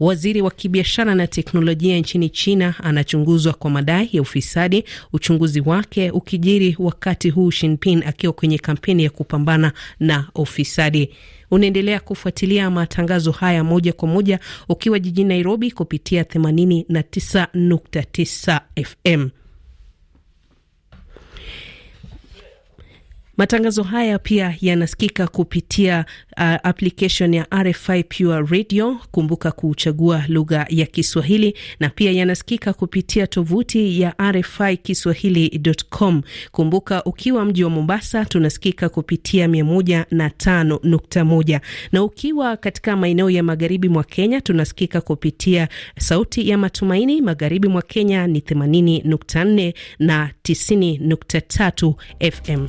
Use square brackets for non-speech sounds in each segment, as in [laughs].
Waziri wa kibiashara na teknolojia nchini China anachunguzwa kwa madai ya ufisadi, uchunguzi wake ukijiri wakati huu Shinpin akiwa kwenye kampeni ya kupambana na ufisadi. Unaendelea kufuatilia matangazo haya moja kwa moja ukiwa jijini Nairobi kupitia 89.9 FM. Matangazo haya pia yanasikika kupitia uh, application ya RFI Pure Radio. Kumbuka kuchagua lugha ya Kiswahili, na pia yanasikika kupitia tovuti ya RFI Kiswahili.com. Kumbuka ukiwa mji wa Mombasa tunasikika kupitia 105.1, na ukiwa katika maeneo ya magharibi mwa Kenya tunasikika kupitia Sauti ya Matumaini. Magharibi mwa Kenya ni 80.4 na 90.3 FM.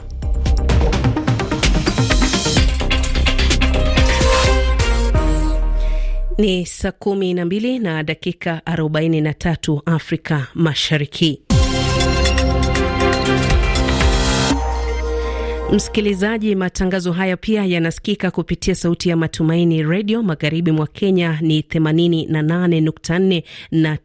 Ni saa kumi na mbili na dakika arobaini na tatu Afrika Mashariki. Msikilizaji, matangazo haya pia yanasikika kupitia Sauti ya Matumaini redio magharibi mwa Kenya ni 88.4 na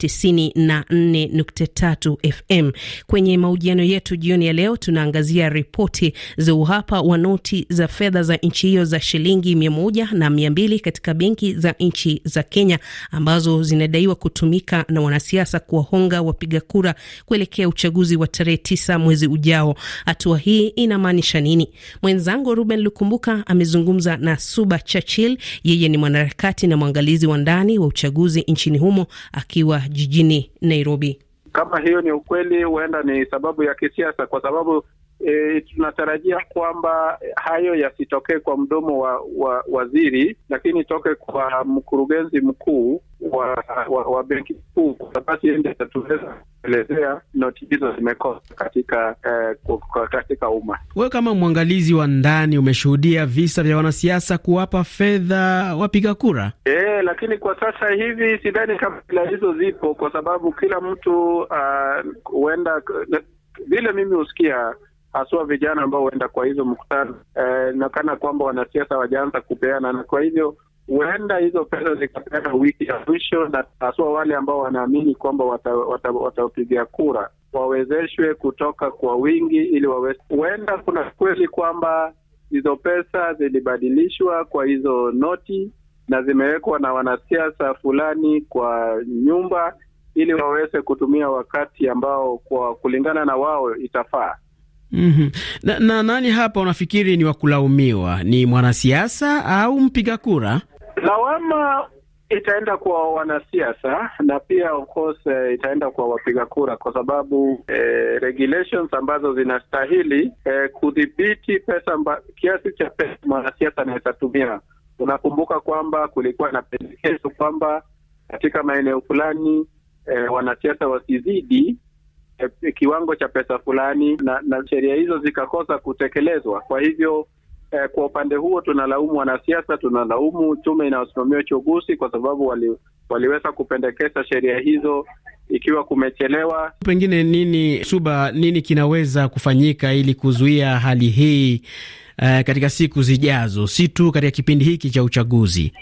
94.3 FM. Kwenye mahojiano yetu jioni ya leo, tunaangazia ripoti za uhapa wa noti za fedha za nchi hiyo za shilingi mia na mia katika benki za nchi za Kenya ambazo zinadaiwa kutumika na wanasiasa kuwahonga wapiga kura kuelekea uchaguzi wa tarehe 9 mwezi ujao. Hatua hii inamaanisha arobaini. Mwenzangu Ruben Lukumbuka amezungumza na Suba Churchill, yeye ni mwanaharakati na mwangalizi wa ndani wa uchaguzi nchini humo akiwa jijini Nairobi. Kama hiyo ni ukweli, huenda ni sababu ya kisiasa, kwa sababu E, tunatarajia kwamba hayo yasitokee kwa mdomo wa, wa waziri, lakini itoke kwa mkurugenzi mkuu wa, wa, wa benki kuu, basi ndiye atatuweza kuelezea noti hizo zimekosa katika eh, katika umma. Wewe kama mwangalizi wa ndani umeshuhudia visa vya wanasiasa kuwapa fedha wapiga kura? E, lakini kwa sasa hivi sidhani kama bila hizo zipo, kwa sababu kila mtu ah, huenda uh, vile mimi husikia haswa vijana ambao huenda kwa hizo mkutano eh, nakana kwamba wanasiasa wajaanza kupeana na kwa hivyo huenda hizo pesa zikapeana wiki ya mwisho, na haswa wale ambao wanaamini kwamba watapiga wata, wata kura wawezeshwe kutoka kwa wingi ili waweze. Huenda kuna kweli kwamba hizo pesa zilibadilishwa kwa hizo noti na zimewekwa na wanasiasa fulani kwa nyumba ili waweze kutumia wakati ambao kwa kulingana na wao itafaa. Mm -hmm. Na, na nani hapa unafikiri ni wakulaumiwa, ni mwanasiasa au mpiga kura? lawama itaenda kwa wanasiasa na pia of course eh, itaenda kwa wapiga kura kwa sababu eh, regulations ambazo zinastahili eh, kudhibiti pesa mba, kiasi cha pesa mwanasiasa anawezatumia Unakumbuka kwamba kulikuwa na pendekezo kwamba katika maeneo fulani eh, wanasiasa wasizidi eh, kiwango cha pesa fulani, na, na sheria hizo zikakosa kutekelezwa. Kwa hivyo eh, kwa upande huo tunalaumu wanasiasa, tunalaumu tume inayosimamia uchaguzi kwa sababu wali, waliweza kupendekeza sheria hizo ikiwa kumechelewa. Pengine nini Suba, nini kinaweza kufanyika ili kuzuia hali hii eh, katika siku zijazo, si tu katika kipindi hiki cha uchaguzi?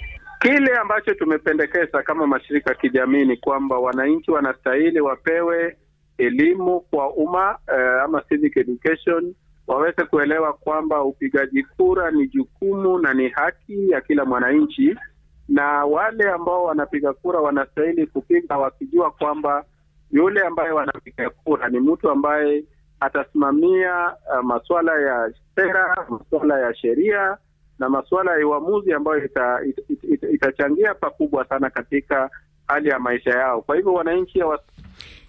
Kile ambacho tumependekeza kama mashirika ya kijamii ni kwamba wananchi wanastahili wapewe elimu kwa umma eh, ama civic education waweze kuelewa kwamba upigaji kura ni jukumu na ni haki ya kila mwananchi, na wale ambao wanapiga kura wanastahili kupiga wakijua kwamba yule ambaye wanapiga kura ni mtu ambaye atasimamia uh, masuala ya sera, masuala ya sheria na masuala ya uamuzi ambayo itachangia ita, ita, ita pakubwa sana katika hali ya maisha yao. Kwa hivyo wananchi hawa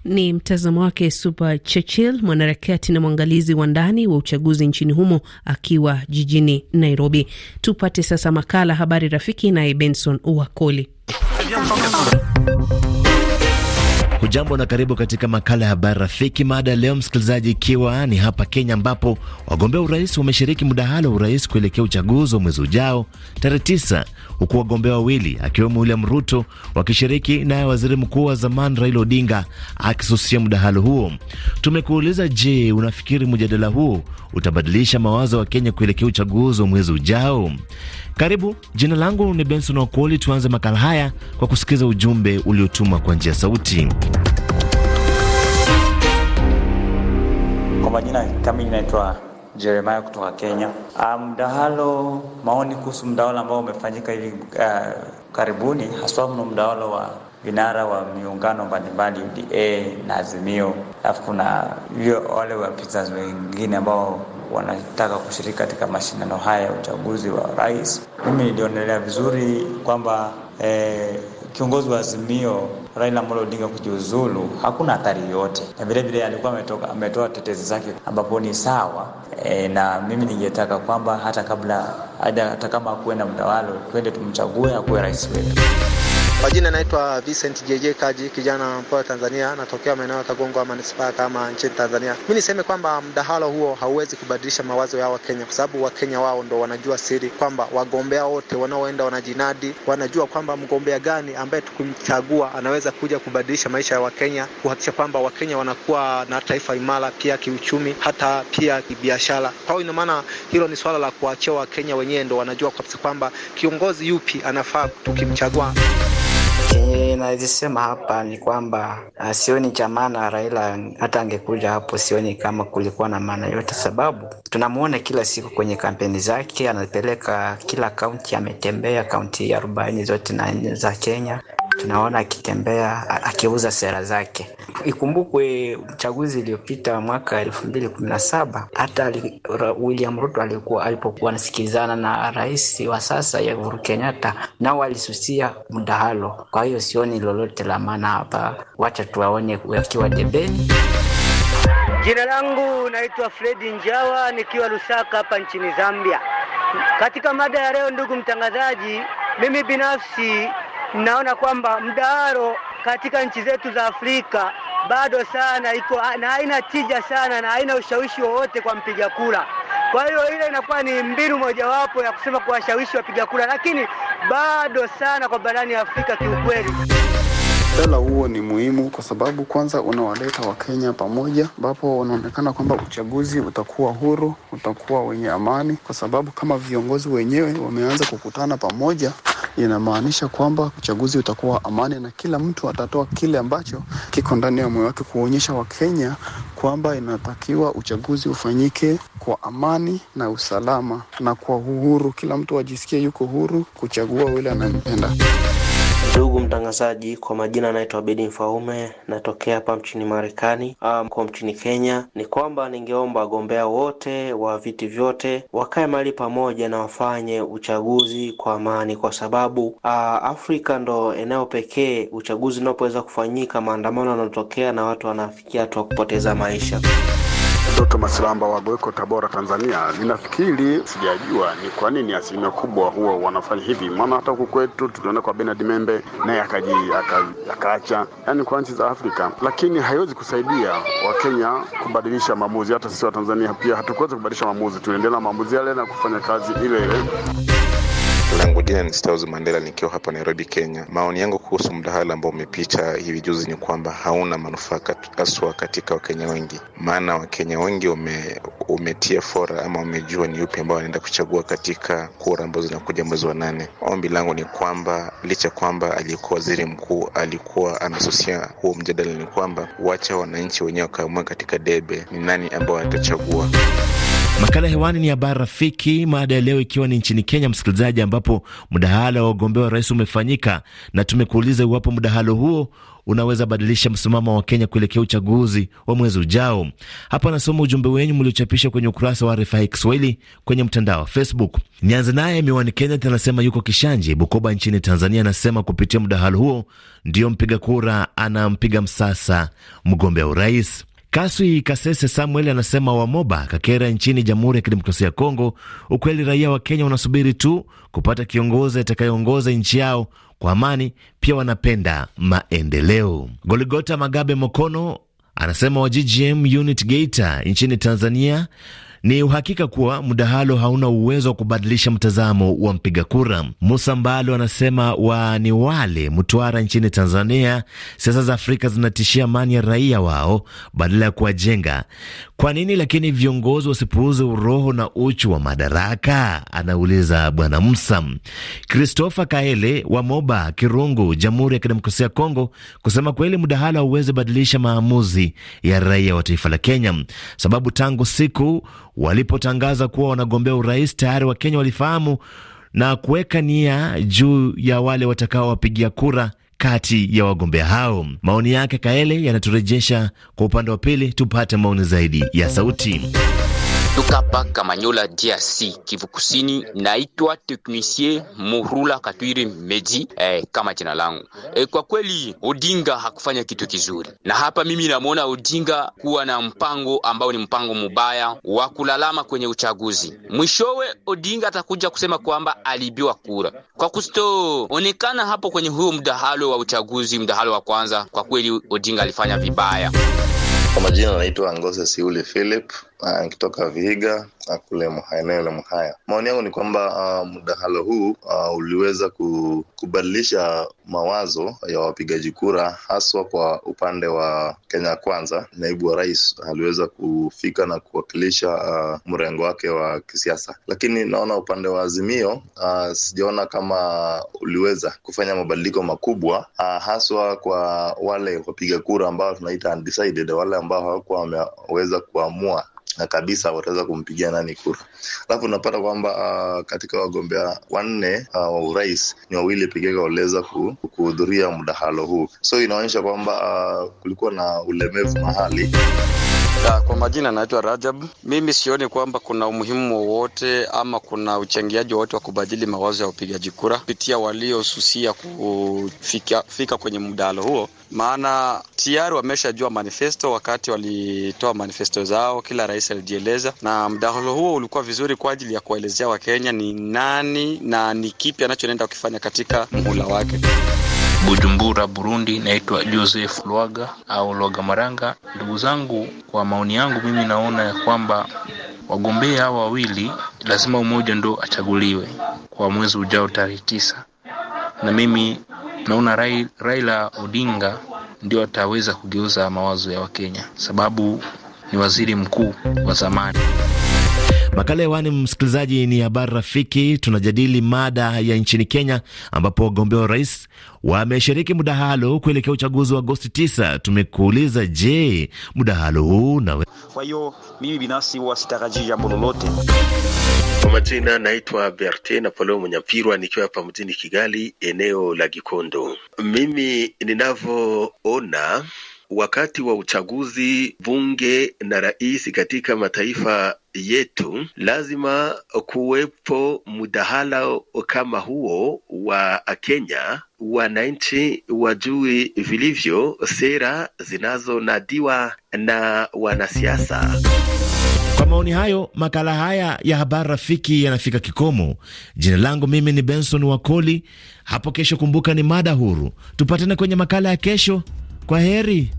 ni mtazamo wake Super Churchill, mwanaharakati na mwangalizi wa ndani wa uchaguzi nchini humo, akiwa jijini Nairobi. Tupate sasa makala Habari Rafiki naye Benson Wakoli. Hujambo na karibu katika makala ya habari rafiki. Mada leo msikilizaji, ikiwa ni hapa Kenya ambapo wagombea urais wameshiriki mdahalo wa urais kuelekea uchaguzi wa mwezi ujao tarehe tisa, huku wagombea wawili akiwemo William Ruto wakishiriki naye waziri mkuu wa zamani Raila Odinga akisusia mdahalo huo. Tumekuuliza, je, unafikiri mjadala huo utabadilisha mawazo wa Kenya kuelekea uchaguzi wa mwezi ujao? Karibu, jina langu ni Benson Wakoli. Tuanze makala haya kwa kusikiza ujumbe uliotumwa kwa njia sauti. Kwa majina kamili naitwa Jeremiah kutoka Kenya. Ah, mdahalo, maoni kuhusu mdahalo ambao umefanyika hivi uh, karibuni, haswa mno mdahalo wa vinara wa miungano mbalimbali UDA na Azimio, alafu kuna wale wapinzani wengine ambao wanataka kushiriki katika mashindano haya ya uchaguzi wa rais. Mimi nilionelea vizuri kwamba eh, kiongozi wa Azimio Raila Amolo Odinga kujiuzulu hakuna athari yoyote, na vilevile alikuwa ametoka ametoa tetezi zake ambapo ni sawa e, na mimi ningetaka kwamba hata kabla hata kama akuwe na mtawalo, twende tumchague akuwe rais wetu. Kwa jina naitwa Vincent JJ Kaji, kijana mpoa Tanzania, natokea maeneo ya Kagongo manispaa kama nchini Tanzania. Mimi niseme kwamba mdahalo huo hauwezi kubadilisha mawazo ya Wakenya kwa sababu Wakenya wao ndo wanajua siri kwamba wagombea wote wanaoenda wanajinadi wanajua kwamba mgombea gani ambaye tukimchagua anaweza kuja kubadilisha maisha ya Wakenya, kuhakikisha kwamba Wakenya wanakuwa na taifa imara, pia kiuchumi, hata pia kibiashara. Kwa hiyo ina maana hilo ni swala la kuachia Wakenya wenyewe, ndo wanajua kabisa kwamba kiongozi yupi anafaa tukimchagua. Kenye eh, hapa ni kwamba ah, sioni cha maana Raila hata angekuja hapo, sioni kama kulikuwa na maana yote, sababu tunamwona kila siku kwenye kampeni zake, anapeleka kila kaunti, ametembea kaunti arobaini zote na nne za Kenya tunaona akitembea akiuza sera zake. Ikumbukwe uchaguzi iliyopita mwaka elfu mbili kumi na saba hata William Ruto alikuwa alipokuwa anasikilizana na rais wa sasa ya Uhuru Kenyatta, nao walisusia mdahalo. Kwa hiyo sioni lolote la maana hapa, wacha tuwaone wakiwa debeni. Jina langu naitwa Fredi Njawa nikiwa Lusaka hapa nchini Zambia. Katika mada ya leo, ndugu mtangazaji, mimi binafsi naona kwamba mdahalo katika nchi zetu za Afrika bado sana iko na haina tija sana na haina ushawishi wowote kwa mpiga kura. Kwa hiyo ile inakuwa ni mbinu mojawapo ya kusema kuwashawishi wapiga kura, lakini bado sana kwa barani ya Afrika kiukweli. Mjadala huo ni muhimu kwa sababu kwanza unawaleta Wakenya pamoja, ambapo unaonekana kwamba uchaguzi utakuwa huru, utakuwa wenye amani, kwa sababu kama viongozi wenyewe wameanza kukutana pamoja inamaanisha kwamba uchaguzi utakuwa amani na kila mtu atatoa kile ambacho kiko ndani ya moyo wake kuonyesha Wakenya kwamba inatakiwa uchaguzi ufanyike kwa amani na usalama na kwa uhuru, kila mtu ajisikie yuko huru kuchagua yule anayempenda. Ndugu mtangazaji, kwa majina anaitwa Bedi Mfaume, natokea hapa mchini Marekani um, kwa mchini Kenya. Ni kwamba ningeomba wagombea wote wa viti vyote wakae mahali pamoja na wafanye uchaguzi kwa amani, kwa sababu aa, uh, Afrika ndo eneo pekee uchaguzi unapoweza kufanyika, maandamano yanatokea na watu wanafikia hatua kupoteza maisha. Mtoto Masilamba wa Goeko, Tabora, Tanzania. Ninafikiri sijajua ni kwa nini asilimia kubwa huwa wanafanya hivi, maana hata huku kwetu tuliona kwa Bernard Membe naye akaji akaacha, yaani kwa nchi za Afrika, lakini haiwezi kusaidia Wakenya kubadilisha maamuzi. Hata sisi wa Tanzania pia hatukuweza kubadilisha maamuzi, tuliendelea na maamuzi yale na kufanya kazi ile ile yangu. jina ni Stausi Mandela nikiwa hapa Nairobi, Kenya. Maoni yangu kuhusu mdahalo ambao umepita hivi juzi ni kwamba hauna manufaa haswa katika Wakenya wengi, maana Wakenya wengi ume, umetia fora ama wamejua ni yupi ambao wanaenda kuchagua katika kura ambazo zinakuja mwezi wa nane. Ombi langu ni kwamba licha kwamba aliyekuwa waziri mkuu alikuwa anasusia huo mjadala, ni kwamba wacha wananchi wenyewe wakaamua katika debe ni nani ambao atachagua. Makala hewani ni habari rafiki, maada ya leo ikiwa ni nchini Kenya, msikilizaji, ambapo mdahalo wa wagombea wa rais umefanyika na tumekuuliza iwapo mdahalo huo unaweza badilisha msimamo wa Kenya kuelekea uchaguzi wa mwezi ujao. Hapa anasoma ujumbe wenyu mliochapisha kwenye ukurasa wa RFI Kiswahili kwenye mtandao wa Facebook. Nianze naye Miwani Kenneth anasema yuko Kishanji, Bukoba nchini Tanzania. Anasema kupitia mdahalo huo ndio mpiga kura anampiga msasa mgombea urais. Kaswi Kasese Samuel anasema Wamoba Kakera nchini Jamhuri ya Kidemokrasia ya Kongo, ukweli raia wa Kenya wanasubiri tu kupata kiongozi atakayeongoza nchi yao kwa amani, pia wanapenda maendeleo. Goligota Magabe Mokono anasema wa GGM unit Geita nchini Tanzania ni uhakika kuwa mdahalo hauna uwezo wa kubadilisha mtazamo wa mpiga kura. Musa Mbalo anasema wa ni wale Mtwara nchini Tanzania, siasa za Afrika zinatishia amani ya raia wao badala ya kuwajenga. Kwa nini lakini viongozi wasipuuze uroho na uchu wa madaraka? Anauliza Bwana Musa. Christopher Kaele wa Moba Kirungu, Jamhuri ya Kidemokrasia ya Kongo, kusema kweli mdahalo hauwezi badilisha maamuzi ya raia wa taifa la Kenya, sababu tangu siku walipotangaza kuwa wanagombea urais tayari Wakenya walifahamu na kuweka nia juu ya wale watakaowapigia kura kati ya wagombea hao. Maoni yake Kaele yanaturejesha kwa upande wa pili, tupate maoni zaidi ya sauti Toka hapa Kamanyola, DRC, Kivu Kusini. Naitwa teknisie Murula Katwiri Meji eh, kama jina langu eh. Kwa kweli Odinga hakufanya kitu kizuri, na hapa mimi namwona Odinga kuwa na mpango ambao ni mpango mubaya wa kulalama kwenye uchaguzi. Mwishowe Odinga atakuja kusema kwamba alibiwa kura kwa kustoonekana hapo kwenye huyo mdahalo wa uchaguzi, mdahalo wa kwanza. Kwa kweli Odinga alifanya vibaya. Kwa majina anaitwa Ngose Siule Philip uh, nikitoka Vihiga ah, kule eneo la Mhaya. Maoni yangu ni kwamba uh, mdahalo huu uh, uliweza kubadilisha mawazo ya wapigaji kura haswa kwa upande wa Kenya Kwanza. Naibu wa rais aliweza kufika na kuwakilisha uh, mrengo wake wa kisiasa, lakini naona upande wa Azimio uh, sijaona kama uliweza kufanya mabadiliko makubwa uh, haswa kwa wale wapiga kura ambao tunaita undecided, wale ambao hawakuwa wameweza kuamua na kabisa wataweza kumpigia nani kura. Alafu unapata kwamba uh, katika wagombea wanne uh, wa urais ni wawili pekee waliweza kuhudhuria mdahalo huu, so inaonyesha kwamba uh, kulikuwa na ulemevu mahali Da, kwa majina naitwa Rajab. Mimi sioni kwamba kuna umuhimu wowote ama kuna uchangiaji wowote wa kubadili mawazo ya upigaji kura kupitia waliosusia kufika fika kwenye mdahalo huo, maana tayari wameshajua manifesto wakati walitoa manifesto zao, kila rais alijieleza, na mdahalo huo ulikuwa vizuri kwa ajili ya kuwaelezea Wakenya ni nani na ni kipi anachoenda kukifanya katika muhula wake. Bujumbura, Burundi. Naitwa Joseph Lwaga au Lwaga Maranga. Ndugu zangu, kwa maoni yangu mimi naona ya kwamba wagombea hawa wawili lazima umoja ndo achaguliwe kwa mwezi ujao tarehe tisa, na mimi naona Rai, Raila Odinga ndio ataweza kugeuza mawazo ya Wakenya sababu ni waziri mkuu wa zamani. Makala hewani, msikilizaji, ni habari rafiki. Tunajadili mada ya nchini Kenya ambapo wagombea wa rais wameshiriki mdahalo kuelekea uchaguzi wa Agosti 9. Tumekuuliza, je, mdahalo huu nawe? Kwa hiyo mimi binafsi huwa sitarajii jambo lolote. Kwa majina naitwa Berte Napoleo Munyapirwa, nikiwa hapa mjini Kigali, eneo la Gikondo. Mimi ninavyoona wakati wa uchaguzi bunge na rais katika mataifa yetu lazima kuwepo mdahala kama huo wa Kenya, wananchi wajui vilivyo sera zinazonadiwa na wanasiasa. Kwa maoni hayo, makala haya ya habari rafiki yanafika kikomo. Jina langu mimi ni Benson Wakoli. Hapo kesho, kumbuka ni mada huru. Tupatane kwenye makala ya kesho. Kwa heri.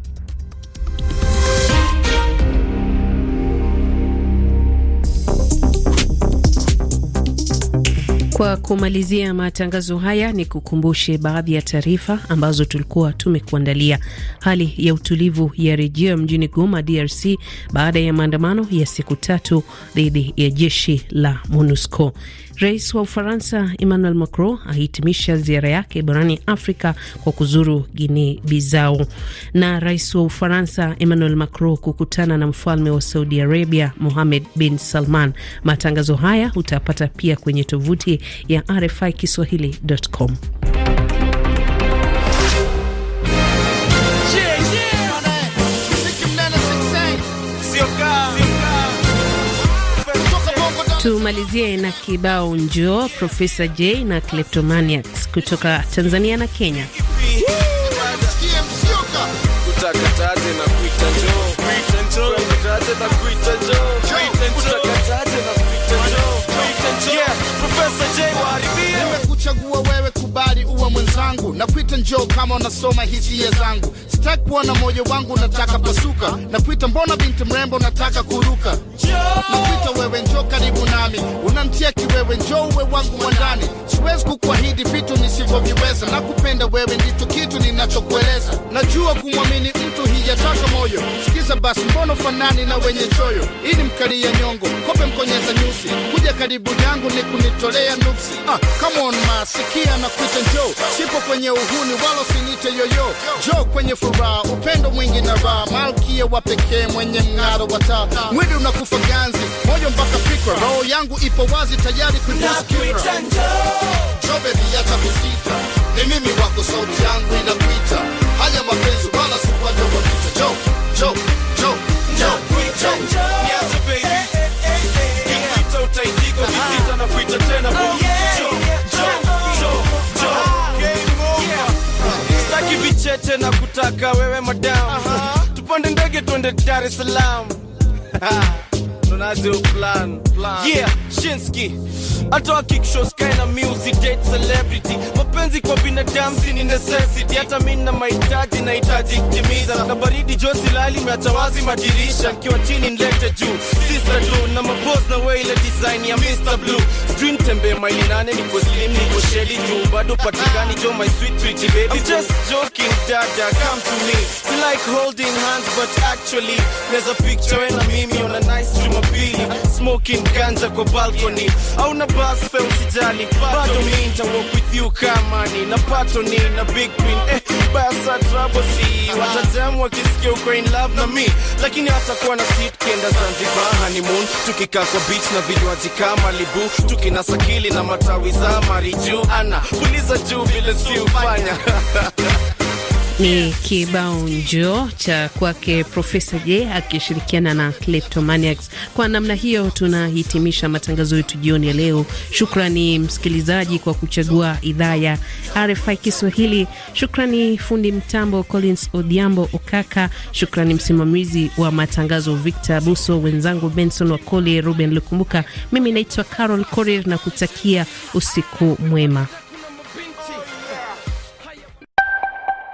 Kwa kumalizia matangazo haya, ni kukumbushe baadhi ya taarifa ambazo tulikuwa tumekuandalia. Hali ya utulivu ya rejea mjini Goma, DRC, baada ya maandamano ya siku tatu dhidi ya jeshi la MONUSCO. Rais wa Ufaransa Emmanuel Macron ahitimisha ziara yake barani Afrika kwa kuzuru Guinea bizau Na rais wa Ufaransa Emmanuel Macron kukutana na mfalme wa Saudi Arabia mohamed bin Salman. Matangazo haya utapata pia kwenye tovuti ya RFI Kiswahili.com. Tumalizie na kibao njoo Profesa J na Kleptomaniacs kutoka Tanzania na Kenya. na kuita njoo kama unasoma hisia zangu. Sitaki kuona moyo wangu unataka pasuka, na kuita mbona binti mrembo unataka kuruka, na kuita wewe njoo karibu nami, unamtia kiwewe njoo uwe wangu mwandani. Siwezi kukuahidi vitu nisivyoviweza, na kupenda wewe ndicho kitu ninachokueleza. Najua kumwamini mtu hijataka moyo. Sikiza basi, mbona fanani na wenye choyo? Ili mkalia nyongo kope mkonyeza nyusi karibu yangu ni kunitolea nupsi. Ah, come on ma, sikia na kuita njo, sipo kwenye uhuni wala sinite yoyo jo, kwenye furaha upendo mwingi na raha, malkia wa pekee mwenye mng'aro wa taa, mwili unakufa ganzi, moyo mpaka fikra, roho yangu ipo wazi tayari kukusikia. Jo baby, acha kusita, ni mimi wako, sauti yangu inakuita, haya mapenzi wala si jo, jo jo jo jo, nakuita jo tuanze tena oh, oh, staki vicheche na kutaka wewe madam tupande ndege twende dar es salaam [laughs] tunazo plan, plan. yeah shinski hata wakikshoskai na music date celebrity mapenzi kwa binadamu si ni necessity hata mi na mahitaji nahitaji kutimiza na baridi josi lali meacha wazi madirisha nkiwa chini nlete juu sister du na mapos na we ile design ya mr blue sijui tembe maili nane niko slim niko sheli juu bado patikani jo my sweet pretty baby I'm just joking dada come to me It's like holding hands but actually there's a picture and a mimi on a nice jumapili smoking ganja kwa balcony au na basi fe usijali, bado mi nita walk with you kama nina patoni na big queen eh, basa trouble si watajamu wakisikia uko in love na mi, lakini hata kuwa na sit kenda Zanzibar honeymoon, tukikaa kwa beach na vinywaji kama libu, tukinasa na matawi za mariju, ana puliza juu vile si ufanya [laughs] Ni kibao njo cha kwake Profesa J akishirikiana na Kleptomaniacs. Kwa namna hiyo, tunahitimisha matangazo yetu jioni ya leo. Shukrani msikilizaji kwa kuchagua idhaa ya RFI Kiswahili. Shukrani fundi mtambo Collins Odhiambo Okaka. Shukrani msimamizi wa matangazo Victor Buso, wenzangu Benson Wakoli, Ruben Lukumbuka. Mimi naitwa Carol Korir na kutakia usiku mwema.